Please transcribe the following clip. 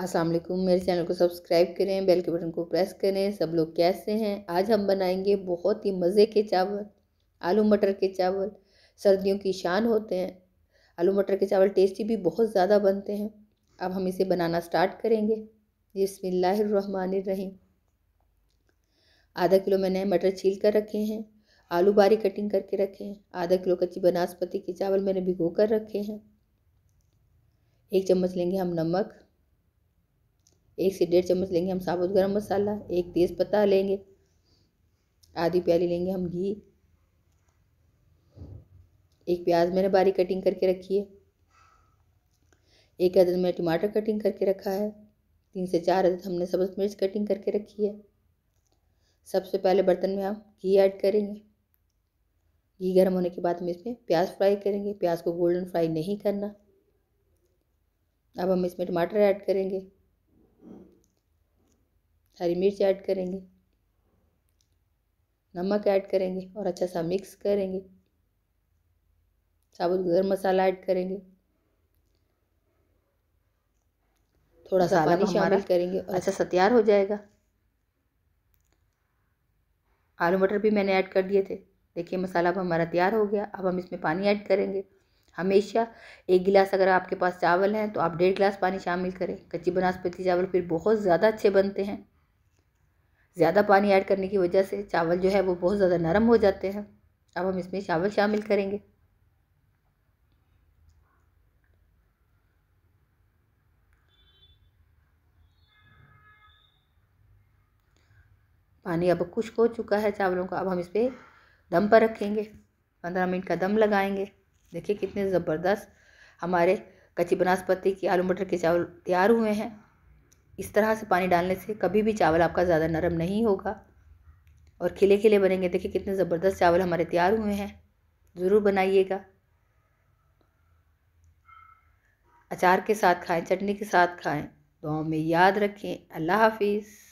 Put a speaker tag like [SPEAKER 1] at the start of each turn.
[SPEAKER 1] अस्सलाम वालेकुम मेरे चैनल को सब्सक्राइब करें बेल के बटन को प्रेस करें सब लोग कैसे हैं आज हम बनाएंगे बहुत ही मज़े के चावल आलू मटर के चावल सर्दियों की शान होते हैं आलू मटर के चावल टेस्टी भी बहुत ज़्यादा बनते हैं अब हम इसे बनाना स्टार्ट करेंगे रहीम आधा किलो मैंने मटर छील कर रखे हैं आलू बारी कटिंग करके रखे हैं आधा किलो कच्ची बनास्पति के चावल मैंने भिगो कर रखे हैं एक चम्मच लेंगे हम नमक एक से डेढ़ चम्मच लेंगे हम साबुत गरम मसाला एक तेज़ पत्ता लेंगे आधी प्याली लेंगे हम घी एक प्याज मैंने बारीक कटिंग करके रखी है एक अदद मैंने टमाटर कटिंग करके रखा है तीन से चार अदद हमने सब्ज मिर्च कटिंग करके रखी है सबसे पहले बर्तन में हम घी ऐड करेंगे घी गर्म होने के बाद हम इसमें प्याज फ्राई करेंगे प्याज को गोल्डन फ्राई नहीं करना अब हम इसमें टमाटर ऐड करेंगे हरी मिर्च ऐड करेंगे नमक ऐड करेंगे और अच्छा सा मिक्स करेंगे साबुत गर्म मसाला ऐड करेंगे थोड़ा सा अच्छा, पानी शामिल करेंगे और अच्छा सा तैयार हो जाएगा आलू मटर भी मैंने ऐड कर दिए थे देखिए मसाला अब हमारा तैयार हो गया अब हम इसमें पानी ऐड करेंगे हमेशा एक गिलास अगर आपके पास चावल हैं तो आप डेढ़ गिलास पानी शामिल करें कच्ची बनास्पति चावल फिर बहुत ज़्यादा अच्छे बनते हैं ज़्यादा पानी ऐड करने की वजह से चावल जो है वो बहुत ज़्यादा नरम हो जाते हैं अब हम इसमें चावल शामिल करेंगे पानी अब खुश्क हो चुका है चावलों का अब हम इस पर दम पर रखेंगे पंद्रह मिनट का दम लगाएंगे देखिए कितने ज़बरदस्त हमारे कच्ची बनास्पति की आलू मटर के चावल तैयार हुए हैं इस तरह से पानी डालने से कभी भी चावल आपका ज़्यादा नरम नहीं होगा और खिले खिले बनेंगे देखिए कितने ज़बरदस्त चावल हमारे तैयार हुए हैं ज़रूर बनाइएगा अचार के साथ खाएं चटनी के साथ खाएं दुआओं में याद रखें अल्लाह हाफिज़